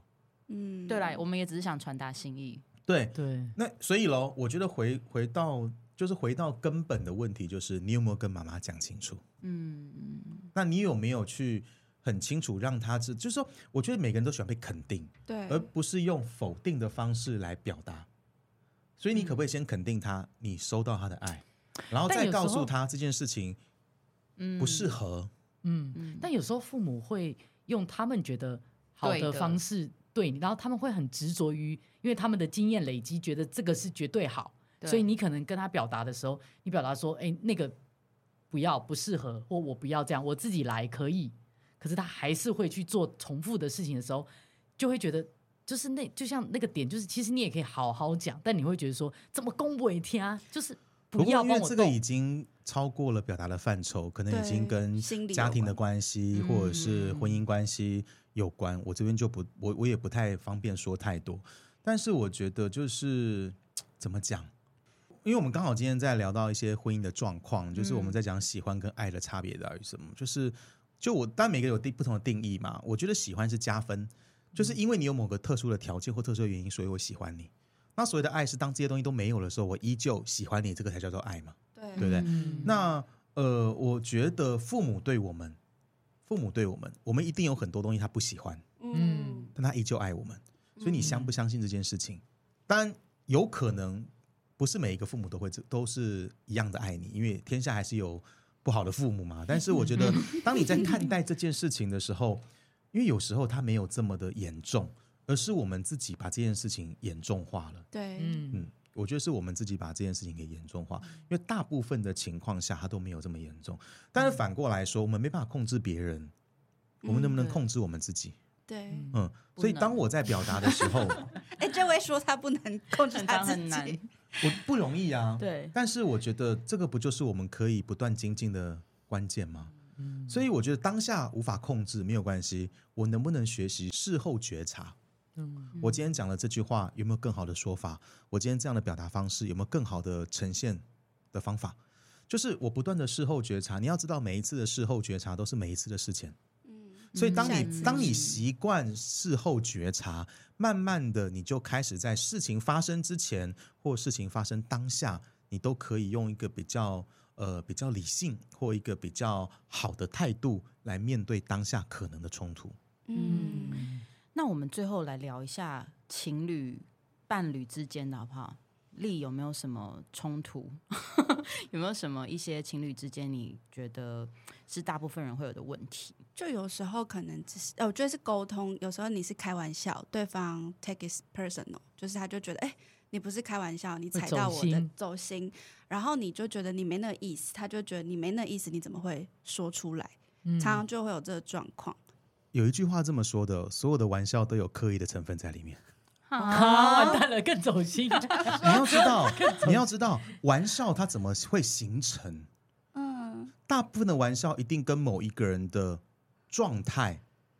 嗯，對啦，我們也只是想傳達心意。對對。那所以嘍，我覺得回回到。就是回到根本的問題，就是你有沒有跟媽媽講清楚？嗯嗯。那你有沒有去很清楚讓他知？就是說，我覺得每個人都喜歡被肯定，對，而不是用否定的方式來表達。所以你可不可以先肯定他，你收到他的愛，嗯、然後再告訴他這件事情，不適合。嗯嗯。但有時候父母會用他們覺得好的方式對你，對，然後他們會很執着於，因為他們的經驗累積，覺得這個是絕對好。所以你可能跟他表達的時候，你表達說：“哎、欸，那個不要，不適合，或我不要這樣，我自己來可以。”可是他還是會去做重複的事情的時候，就會覺得，就是那就像那個點，就是其實你也可以好好講，但你會覺得說怎麼公布一天啊？就是不要，不過因為我這個已經超過了表達的範疇，可能已經跟家庭的關係或者是婚姻關係有關。嗯、我這邊就不我我也不太方便說太多。但是我覺得，就是怎麼講？因為我們剛好今天在聊到一些婚姻的狀況，嗯、就是我們在講喜歡跟愛的差別在於什麼？就是就我，但每個人有定不同的定義嘛。我覺得喜歡是加分，就是因為你有某個特殊的條件或特殊的原因，所以我喜歡你。那所謂的愛是，當這些東西都沒有的時候，我依舊喜歡你，這個才叫做愛嘛？對，對不對？嗯、那呃，我覺得父母對我們，父母對我們，我們一定有很多東西他不喜歡，嗯，但他依舊愛我們。所以你相不相信這件事情？嗯、當然有可能。不是每一個父母都會這都是一樣的愛你，因為天下還是有不好的父母嘛。但是我覺得，當你在看待這件事情的時候， 因為有時候他沒有這麼的嚴重，而是我們自己把這件事情嚴重化了。對，嗯，我覺得是我們自己把這件事情給嚴重化，因為大部分的情況下他都沒有這麼嚴重。但是反過來說，我們沒辦法控制別人，嗯，我們能不能控制我們自己？對，嗯。所以當我在表達的時候，哎、 欸，這位說他不能控制他自己。很我不容易啊！對，但是我覺得這個不就是我們可以不斷精進的關鍵嗎？嗯，所以我覺得當下無法控制沒有關係，我能不能學習事後覺察？嗯，我今天講了這句話有沒有更好的說法？我今天這樣的表達方式有沒有更好的呈現的方法？就是我不斷的事後覺察，你要知道每一次的事後覺察都是每一次的事前。所以當，當你當你習慣事後覺察，慢慢的，你就開始在事情發生之前或事情發生當下，你都可以用一個比較呃比較理性或一個比較好的態度來面對當下可能的衝突。嗯，那我們最後來聊一下情侶伴侶之間的好不好？力有沒有什麼衝突？ 有沒有什麼一些情侶之間你覺得是大部分人會有的問題？就有時候可能只是……哦，我覺得是溝通。有時候你是開玩笑，對方 take it personal，就是他就覺得，哎、欸，你不是開玩笑，你踩到我的走心，然後你就覺得你沒那個意思，他就覺得你沒那個意思，你怎麼會說出來？嗯、常常就會有這個狀況。有一句話這麼說的：所有的玩笑都有刻意的成分在裡面。啊，完蛋了，更走心。 你要知道，你要知道，玩笑它怎麼會形成？嗯，大部分的玩笑一定跟某一個人的狀態，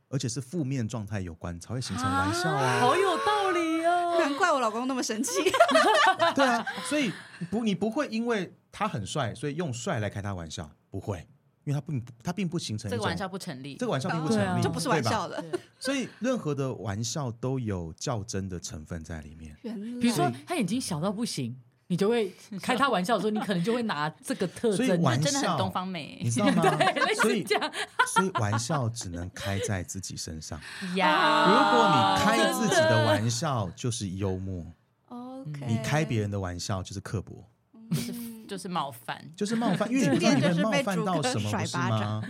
而且是負面狀態有關，才會形成玩笑哦。啊、好有道理哦， 難怪我老公那麼生氣。 對啊，所以不，你不會因為他很帥，所以用帥來開他玩笑，不會。因為他並不，他並不形成一這個玩笑不成立，這個玩笑並不成立，哦啊、就不是玩笑的。所以任何的玩笑都有較真的成分在裡面。比如說他眼睛小到不行，你就會開他玩笑的時候，你可能就會拿這個特徵，所以玩笑真的很東方美，你知道嗎？對，所以,這樣 所以，所以玩笑只能開在自己身上。呀、yeah，如果你開自己的玩笑就是幽默、Okay. 你開別人的玩笑就是刻薄。 就是冒犯，就是冒犯，因為你不知道你會冒犯到什麼事情 嗎？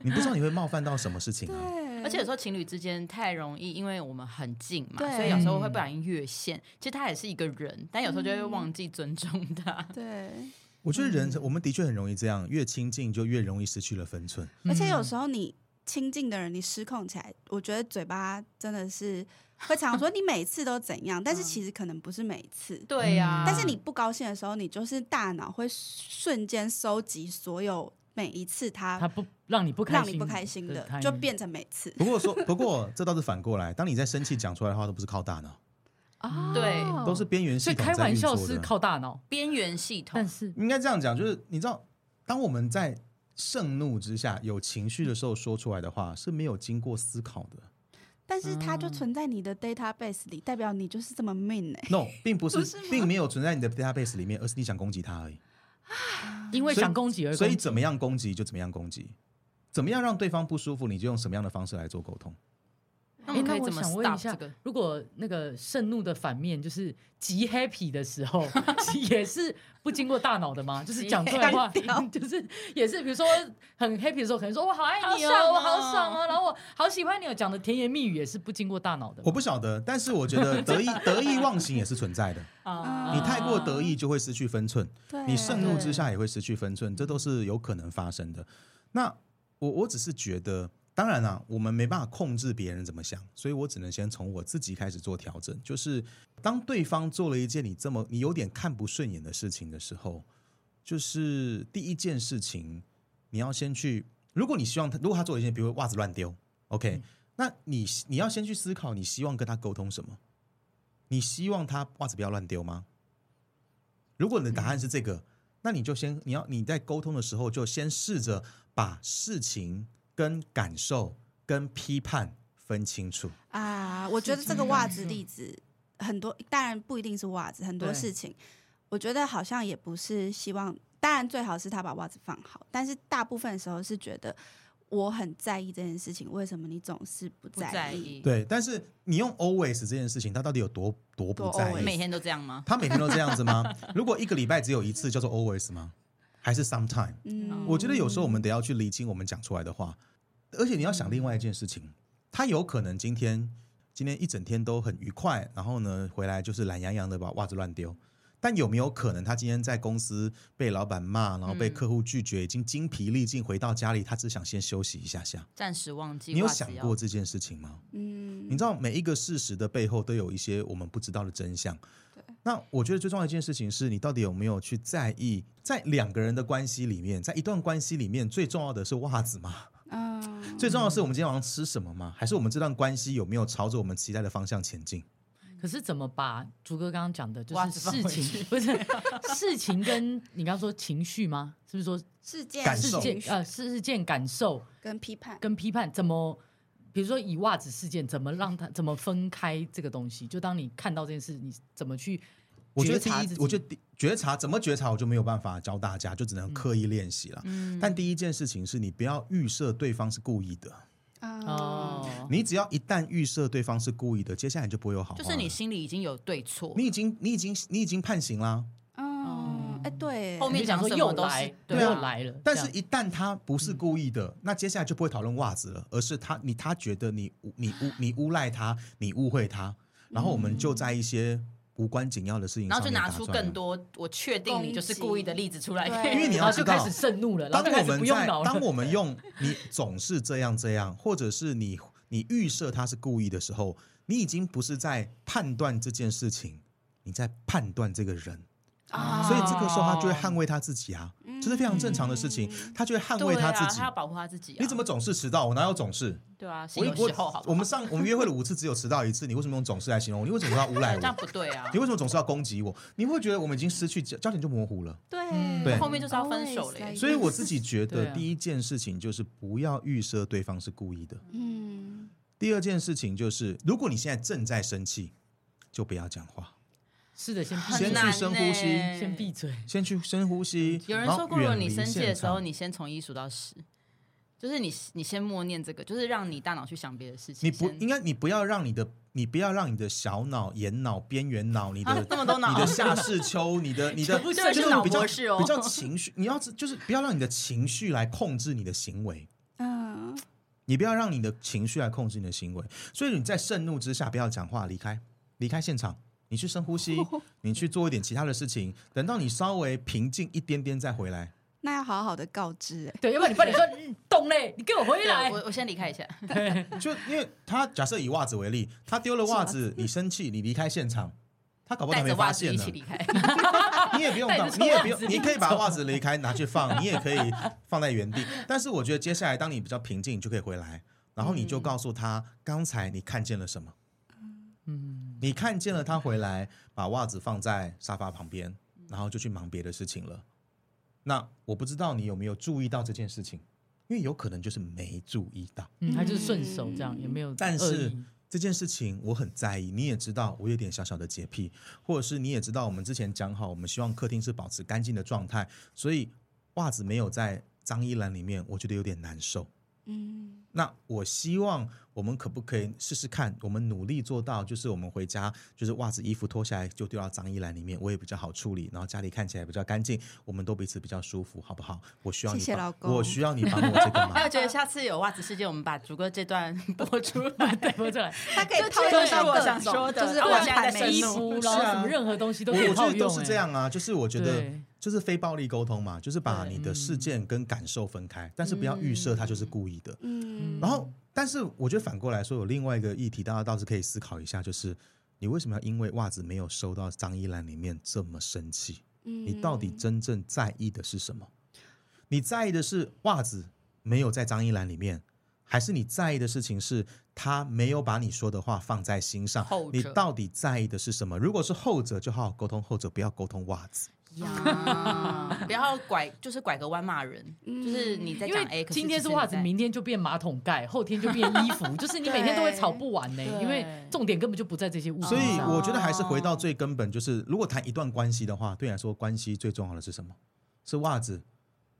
你不知道你會冒犯到什麼事情啊？對，而且有時候情侶之間太容易，因為我們很近嘛，所以有時候會不小心越線。其實他也是一個人，但有時候就會忘記尊重他。嗯、對，我覺得人我們的確很容易這樣，越親近就越容易失去了分寸。嗯、而且有時候你親近的人，你失控起來，我覺得嘴巴真的是。 會常說，你每次都怎樣，但是其實可能不是每一次。對、嗯、呀、嗯。但是你不高興的時候，你就是大腦會瞬間收集所有每一次他、他不讓你不讓你不開心的， 就變成每次。不過說不過這倒是反過來， 當你在生氣講出來的話，都不是靠大腦啊。哦，對，都是邊緣系統。所以開玩笑是靠大腦邊緣系統。但是應該這樣講，就是你知道，當我們在盛怒之下有情緒的時候，說出來的話是沒有經過思考的。但是它就存在你的 database 裡，啊、代表你就是這麼 mean、欸、No，並不是，不是，並沒有存在你的 database 裡面，而是你想攻擊它而已。因為想攻擊而已。所以怎麼樣攻擊就怎麼樣攻擊，怎麼樣讓對方不舒服，你就用什麼樣的方式來做溝通。那我想問一下，如果那個盛怒的反面就是極 happy 的時候， 也是不經過大腦的嗎？就是講出來的話， 就是也是比如說很 happy 的時候，可能說我好愛你哦，好哦我好爽哦， 然後我好喜歡你，哦，講的甜言蜜語也是不經過大腦的。我不曉得，但是我覺得得意得 意忘形也是存在的。 你太過得意就會失去分寸， 你盛怒之下也會失去分寸，這都是有可能發生的。那我我只是覺得。當然啦、啊，我們沒辦法控制別人怎麼想，所以我只能先從我自己開始做調整。就是當對方做了一件你這麼你有點看不順眼的事情的時候，就是第一件事情，你要先去。如果你希望他，如果他做了一件，比如說襪子亂丟，OK，、嗯、那你你要先去思考，你希望跟他溝通什麼？你希望他襪子不要亂丟嗎？如果你的答案是這個，那你就先你要你在溝通的時候就先試着把事情。跟感受、跟批判分清楚啊！我覺得這個襪子例子很多，當然不一定是襪子，很多事情我覺得好像也不是希望。當然最好是他把襪子放好，但是大部分時候是覺得我很在意這件事情，為什麼你總是不在意？在意。對，但是你用 always 這件事情，他到底有多多不在意？每天都這樣嗎？他每天都這樣子嗎？ 如果一個禮拜只有一次，叫做 always 嗎？還是 sometime，嗯、我覺得有時候我們得要去理清我們講出來的話，而且你要想另外一件事情，嗯、他有可能今天今天一整天都很愉快，然後呢回來就是懶洋洋的把襪子亂丟，但有沒有可能他今天在公司被老闆罵，然後被客戶拒絕，嗯、已經精疲力盡，回到家裡他只想先休息一下下，暫時忘記。你有想過這件事情嗎？嗯，你知道每一個事實的背後都有一些我們不知道的真相。那我覺得最重要的一件事情是，你到底有沒有去在意，在兩個人的關係裡面，在一段關係裡面，最重要的是襪子嗎？最重要的是我們今天晚上吃什麼嗎？還是我們這段關係有沒有朝着我們期待的方向前進、嗯？可是怎麼把竺哥剛剛講的，就是事情不是事情，跟你剛剛說情緒嗎？是不是說、呃、事件事件呃事件感受跟批判跟批判，跟批判怎麼？比如說以襪子事件，怎麼讓他怎麼分開這個東西？就當你看到這件事，你怎麼去覺察？我覺得第一，我覺得覺察怎麼覺察，我就沒有辦法教大家，就只能刻意練習了、嗯。但第一件事情是你不要預設對方是故意的、哦、你只要一旦預設對方是故意的，接下來就不會有好。就是你心裡已經有對錯，你已經你已經你已經判刑啦。哎、欸，對，後面講說又來，對啊，來了。但是，一旦他不是故意的，嗯、那接下來就不會討論襪子了，而是他，你他覺得你你你誣賴他，你誤會他，然後我們就在一些無關緊要的事情上，然後就拿出更多我確定你就是故意的例子出來，因為你要知道，盛怒了。當我們在，當我們用你總是這樣這樣，或者是你你預設他是故意的時候，你已經不是在判斷這件事情，你在判斷這個人。Oh，所以這個時候他就會捍衛他自己啊，這、嗯就是非常正常的事情。嗯、他就會捍衛他自己，啊、他保護他自己、啊。你怎麼總是遲到？我哪有總是？對啊，我不會。我們上我們約會了五次，只有遲到一次。你為什麼用總是來形容我？你為什麼說要誣賴我？那 不對啊！你為什麼總是要攻擊我？你會覺得我們已經失去焦點就模糊了對、嗯？對，後面就是要分手了。Oh、所以我自己覺得，第一件事情就是不要預設對方是故意的、啊。嗯。第二件事情就是，如果你現在正在生氣，就不要講話。是的，先嘴、欸、先去深呼吸，先閉嘴，先去深呼吸。有人說，過，果你生氣的，的時候，你先從一數到十，就是你你先默念這個，就是讓你大腦去想別的事情。你不應該，你不要讓你的，你不要讓你的小腦、眼腦、邊緣腦，你的、啊、那麼你的下視丘， 你的你的， 就是腦博士哦。 比較情緒，你要就是不要讓你的情緒來控制你的行為。嗯，你不要讓你的情緒來控制你的行為。所以你在盛怒之下，不要講話，離開，離開現場。你去深呼吸，你去做一點其他的事情，等到你稍微平靜一點點再回來。那要好好的告知、欸，對，要不然你說你說嗯，懂 嘞，你給我回來，我我先離開一下。 就因為他假設以襪子為例，他丟了襪子、啊，你生氣，你離開現場，他搞不好沒發現呢。一起離開， 你也不用把，你也不用，你可以把襪子離開 拿去放，你也可以放在原地。但是我覺得接下來當你比較平靜，你就可以回來，然後你就告訴他剛、嗯、才你看見了什麼。你看見了他回來，把襪子放在沙發旁邊，然後就去忙別的事情了。那我不知道你有沒有注意到這件事情，因為有可能就是沒注意到，嗯，他就是順手這樣，嗯，也沒有。但是這件事情我很在意，你也知道我有點小小的潔癖，或者是你也知道我們之前講好，我們希望客廳是保持乾淨的狀態，所以襪子沒有在髒衣籃裡面，我覺得有點難受。嗯，那我希望。我們可不可以試試看？我們努力做到，就是我們回家，就是襪子、衣服脫下來就丟到髒衣籃裡面，我也比較好處理，然後家裡看起來比較乾淨，我們都彼此比較舒服，好不好？我需要你謝謝，我需要你幫我這個忙。我 覺得下次有襪子事件，我們把竺哥這段播出來，對，播出來 他可以套用到，我想說的就是我換衣服，是、啊、什麼任何東西都可以後都是這樣啊。就是我覺得，就是非暴力溝通嘛，就是把你的事件跟感受分開，嗯、但是不要預設他就是故意的。嗯，然後。但是我覺得反過來說，有另外一個議題，大家倒是可以思考一下，就是你為什麼要因為襪子沒有收到髒衣籃裡面這麼生氣？你到底真正在意的是什麼？你在意的是襪子沒有在髒衣籃裡面，還是你在意的事情是他沒有把你說的話放在心上？你到底在意的是什麼？如果是後者，就好好溝通；後者不要溝通襪子。呀、yeah, 不要拐，就是拐個彎罵人，就是你在講。因為，今天是襪子，明天就變馬桶蓋， 後天就變衣服， 就是你每天都會吵不完呢。因為重點根本就不在這些物。所以我覺得還是回到最根本，就是如果談一段關係的話，對你來說關係最重要的是什麼？是襪子？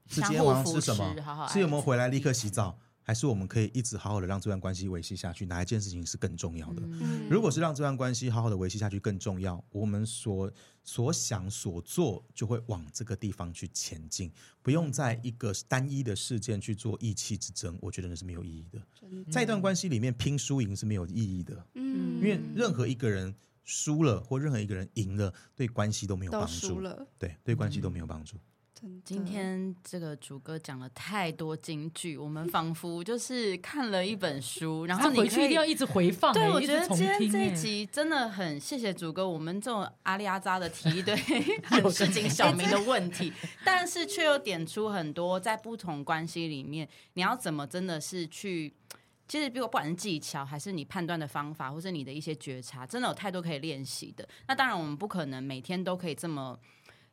是相互扶持是什麼是有沒有回來立刻洗澡？還是我們可以一直好好的讓這段關係維繫下去，哪一件事情是更重要的？嗯、如果是讓這段關係好好的維繫下去更重要，我們所所想所做就會往這個地方去前進，不用在一個單一的事件去做意氣之爭。我覺得那是沒有意義的，嗯、在一段關係裡面拼輸贏是沒有意義的。嗯，因為任何一個人輸了，或任何一個人贏了，對關係都沒有幫助。對，對關係都沒有幫助。嗯。今天這個竺哥講了太多金句，我們仿佛就是看了一本書。然後你、啊、回去一定要一直回放，欸。對、欸，我覺得今天這一集真的很謝謝竺哥，我們這種阿里阿扎的提一堆很市井小民的問題， 但是卻又點出很多在不同關係裡面你要怎麼真的是去，其實比如不管是技巧，還是你判斷的方法，或是你的一些覺察，真的有太多可以練習的。那當然，我們不可能每天都可以這麼。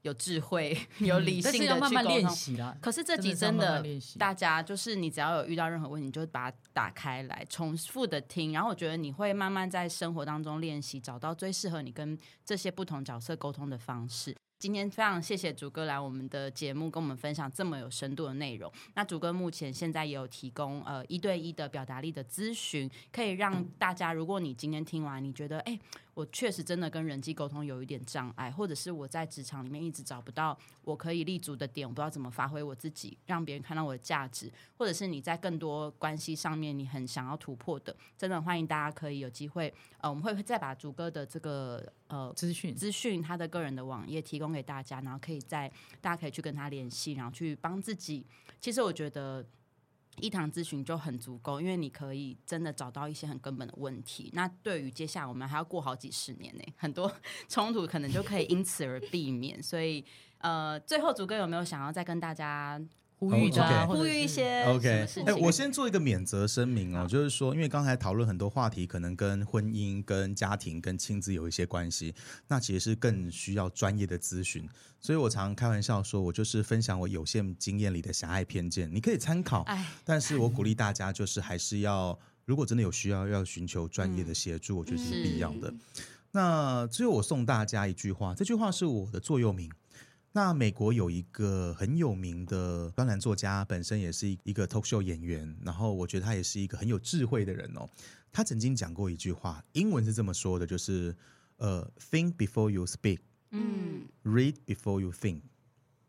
有智慧、有理性的去，的、嗯、慢慢練習，可是這集真的，真的慢慢，大家就是你只要有遇到任何問題，你就把它打開來，重複的聽，然後我覺得你會慢慢在生活當中練習，找到最適合你跟這些不同角色溝通的方式。今天非常謝謝竺哥來我們的節目，跟我們分享這麼有深度的內容。那竺哥目前現在也有提供呃一對一的表達力的諮詢，可以讓大家，如果你今天聽完，你覺得哎。誒我確實真的跟人際溝通有一點障礙，或者是我在職場裡面一直找不到我可以立足的點，我不知道怎麼發揮我自己，讓別人看到我的價值，或者是你在更多關係上面你很想要突破的，真的歡迎大家可以有機會，呃，我們會再把竺哥的這個呃資訊資訊他的個人的網頁提供給大家，然後可以在大家可以去跟他聯繫，然後去幫自己。其實我覺得。一堂諮詢就很足夠，因為你可以真的找到一些很根本的問題。那對於接下來我們還要過好幾十年呢，欸，很多衝突可能就可以因此而避免。 所以，呃，最後竺哥有沒有想要再跟大家？呼籲、呼籲一些。OK，哎，我先做一個免責聲明哦，就是說，因為剛才討論很多話題，可能跟婚姻、跟家庭、跟親子有一些關係，那其實是更需要專業的諮詢。所以我常常開玩笑說，我就是分享我有限經驗裡的狹隘偏見，你可以參考。哎，但是我鼓勵大家，就是還是要，如果真的有需要，要尋求專業的協助，嗯、我覺得是必要的。那最後我送大家一句話，這句話是我的座右銘。那美國有一個很有名的專欄作家，本身也是一一個脫口秀演員，然後我覺得他也是一個很有智慧的人哦。他曾經講過一句話，英文是這麼說的，就是呃，think before you speak，嗯，read before you think、嗯。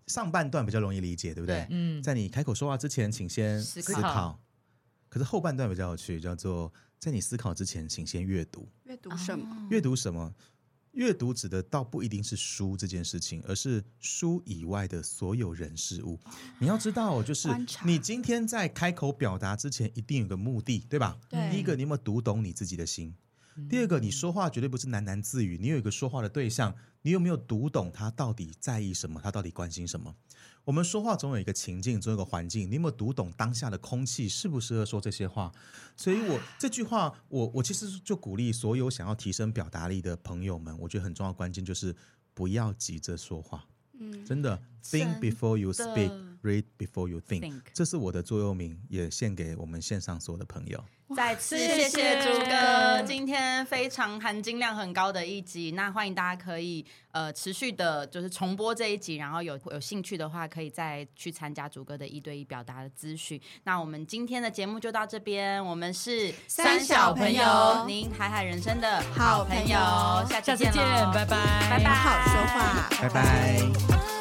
上半段比較容易理解，對不對？嗯，在你開口說話之前，請先思考。思考，可是後半段比較有趣，叫做在你思考之前，請先閱讀。閱讀什麼？哦、閱讀什麼？閱讀指的倒不一定是書這件事情，而是書以外的所有人事物。啊，你要知道，就是你今天在開口表達之前，一定有個目的，對吧？對。第一個，你有沒有讀懂你自己的心？嗯。第二個，你說話絕對不是喃喃自語，你有一個說話的對象，你有沒有讀懂他到底在意什麼，他到底關心什麼？我們說話總有一個情境，總有一個環境。你有沒有讀懂當下的空氣，適不適合說這些話？所以我這句話，我我其實就鼓勵所有想要提升表達力的朋友們，我覺得很重要的關鍵就是不要急着說話。嗯，真的，think before you speak，read before you think. think，這是我的座右銘，也獻給我們線上所有的朋友。再次謝謝竺哥，今天非常含金量很高的一集，那歡迎大家可以呃持續的，就是重播這一集，然後有有興趣的話，可以再去參加竺哥的一對一表達的諮詢。那我們今天的節目就到這邊，我們是三小朋友，您海海人生的好朋友，朋友下次見，拜拜，拜拜，好說話，拜拜。